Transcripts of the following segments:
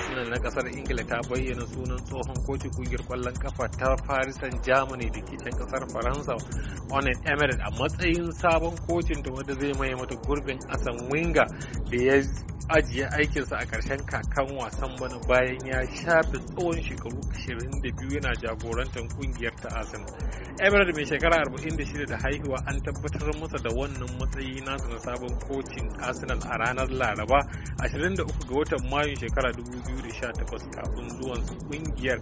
arsenal na kasar ingila ta bayyana sunan tsohon koci kungiyar kwallon kafa ta farisan germany da ke can kasar faransa onen emirate a matsayin sabon kocin ta wanda zai maye mata gurbin asan winga da ya ajiye aikinsa a ƙarshen kakan wasan bana bayan ya shafe tsohon shekaru 22 yana jagorantar kungiyar ta asin emirat mai shekara 46 da haihuwa an tabbatar masa da wannan matsayi nasa na sabon kocin Arsenal a ranar Laraba 23 ga watan mayu shekara 2018 kafin zuwan kungiyar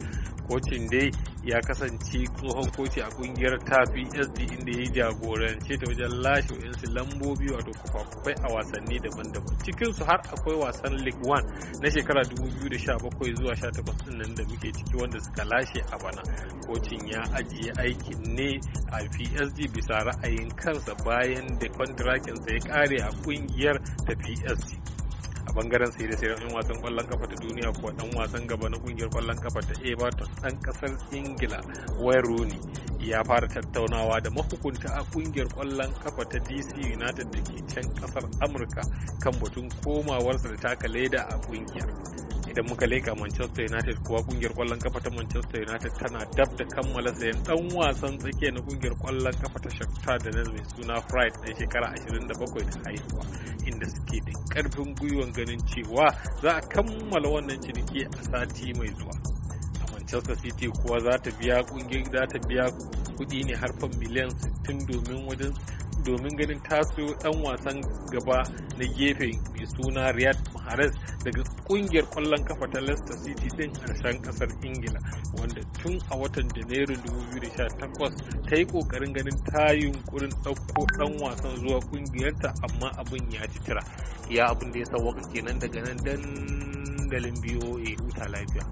kocin dai ya kasance tsohon koci a kungiyar tafi SD inda ya jagorance ta wajen lashe wayansu lambobi wato kwafafai a wasanni daban-daban cikinsu har a akwai wasan league one na shekara 2017 zuwa 18 din nan da muke ciki wanda suka lashe a bana kocin ya ajiye aikin ne a psg bisa ra'ayin kansa bayan da sa ya kare a kungiyar ta psg a bangaren sai da sai wasan kwallon kafa ta duniya ko ɗan wasan gaba na kungiyar kwallon kafa ta everton ɗan kasar ingila wayne rooney ya fara tattaunawa da mahukunta a kungiyar kwallon kafa ta dc united da ke can kasar amurka kan batun komawarsa da taka leda a kungiyar idan muka leka manchester united kuwa kungiyar kwallon kafa ta manchester united tana dab da kammala sayan dan wasan tsakiya na kungiyar kwallon kafa ta shakta da mai suna fried na shekara 27 da haihuwa inda suke da karfin gwiwan ganin cewa za a kammala wannan ciniki a sati mai zuwa Manchester City kuwa za ta biya kungiyar za ta biya kudi ne har miliyan 60 domin wajen domin ganin taso dan wasan gaba na gefe mai suna Riyad Mahrez daga kungiyar kwallon kafa ta Leicester City din harshen kasar Ingila wanda tun a watan janairun 2018 ta yi kokarin ganin ta yunkurin dauko dan wasan zuwa kungiyarta amma abin ya ci tira ya abin da ya sa kenan daga nan dandalin BOA huta lafiya.